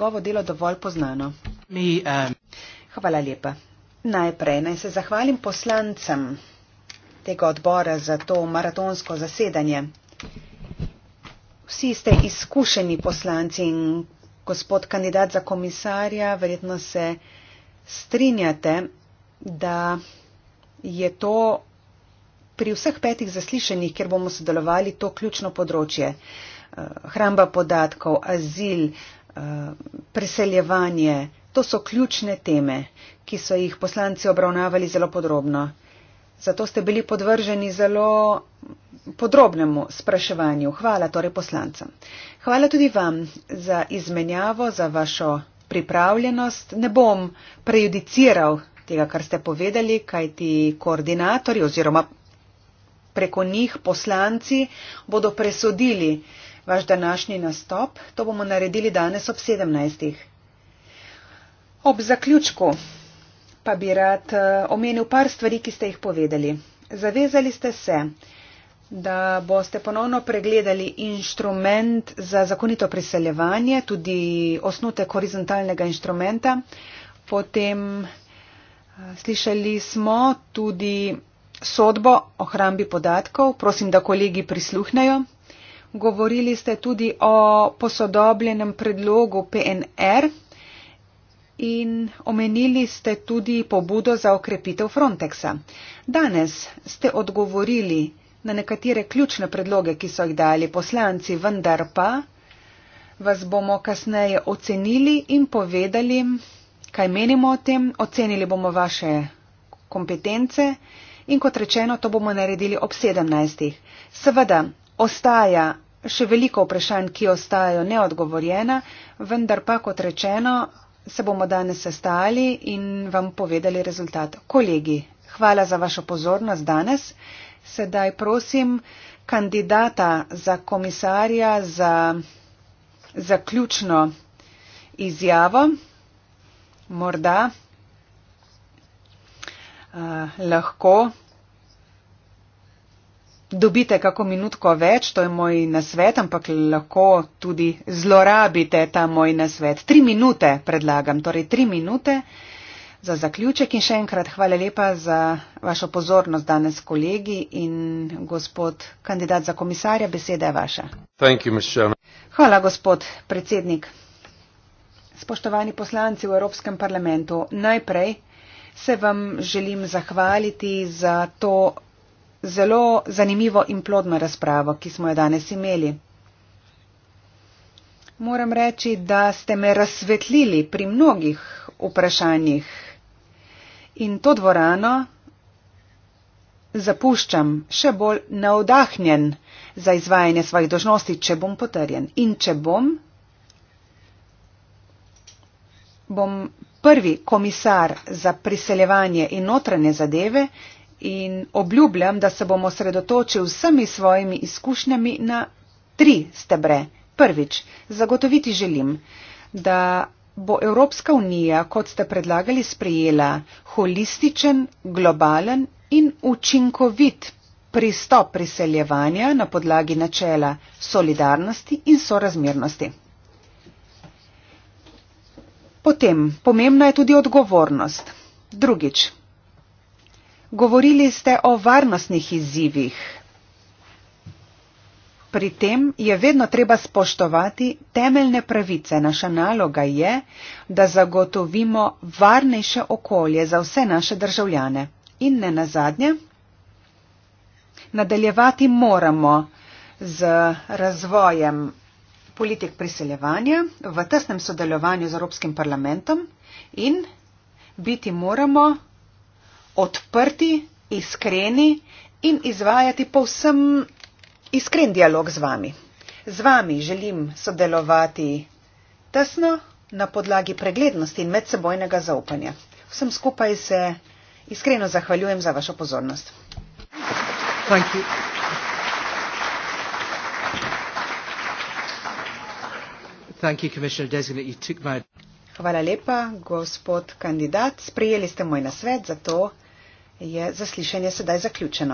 njegovo delo dovolj poznano? Mi, um... Hvala lepa. Najprej naj se zahvalim poslancem tega odbora za to maratonsko zasedanje. Vsi ste izkušeni poslanci in gospod kandidat za komisarja, verjetno se strinjate, da je to pri vseh petih zaslišanjih, kjer bomo sodelovali, to ključno področje. Eh, hramba podatkov, azil, preseljevanje, to so ključne teme, ki so jih poslanci obravnavali zelo podrobno. Zato ste bili podvrženi zelo podrobnemu spraševanju. Hvala torej poslancem. Hvala tudi vam za izmenjavo, za vašo pripravljenost. Ne bom prejudiciral tega, kar ste povedali, kaj ti koordinatori oziroma preko njih poslanci bodo presodili, vaš današnji nastop, to bomo naredili danes ob 17. Ob zaključku pa bi rad eh, omenil par stvari, ki ste jih povedali. Zavezali ste se, da boste ponovno pregledali inštrument za zakonito priseljevanje, tudi osnute horizontalnega inštrumenta. Potem eh, slišali smo tudi sodbo o hrambi podatkov. Prosim, da kolegi prisluhnejo govorili ste tudi o posodobljenem predlogu PNR in omenili ste tudi pobudo za okrepitev Frontexa. Danes ste odgovorili na nekatere ključne predloge, ki so jih dali poslanci, vendar pa vas bomo kasneje ocenili in povedali, kaj menimo o tem, ocenili bomo vaše kompetence in kot rečeno, to bomo naredili ob 17. Seveda, ostaja še veliko vprašanj, ki ostajajo neodgovorjena, vendar pa, kot rečeno, se bomo danes sestali in vam povedali rezultat. Kolegi, hvala za vašo pozornost danes. Sedaj prosim kandidata za komisarja za zaključno izjavo. Morda uh, lahko dobite kako minutko več, to je moj nasvet, ampak lahko tudi zlorabite ta moj nasvet. Tri minute predlagam, torej tri minute za zaključek in še enkrat hvala lepa za vašo pozornost danes, kolegi in gospod kandidat za komisarja, beseda je vaša. You, hvala, gospod predsednik. Spoštovani poslanci v Evropskem parlamentu, najprej se vam želim zahvaliti za to zelo zanimivo in plodno razpravo, ki smo jo danes imeli. Moram reči, da ste me razsvetlili pri mnogih vprašanjih in to dvorano zapuščam še bolj navdahnjen za izvajanje svojih dožnosti, če bom potrjen. In če bom, bom prvi komisar za priseljevanje in notranje zadeve in obljubljam, da se bom osredotočil vsemi svojimi izkušnjami na tri stebre. Prvič, zagotoviti želim, da bo Evropska unija, kot ste predlagali, sprejela holističen, globalen in učinkovit pristop priseljevanja na podlagi načela solidarnosti in sorazmernosti. Potem, pomembna je tudi odgovornost. Drugič, Govorili ste o varnostnih izzivih. Pri tem je vedno treba spoštovati temeljne pravice. Naša naloga je, da zagotovimo varnejše okolje za vse naše državljane. In ne nazadnje, nadaljevati moramo z razvojem politik priseljevanja v tesnem sodelovanju z Evropskim parlamentom in biti moramo odprti, iskreni in izvajati povsem iskren dialog z vami. Z vami želim sodelovati tesno na podlagi preglednosti in medsebojnega zaupanja. Vsem skupaj se iskreno zahvaljujem za vašo pozornost. Thank you. Thank you, Commissioner Designate. You took my... Hvala lepa, gospod kandidat. Sprejeli ste moj nasvet, zato je zaslišanje sedaj zaključeno.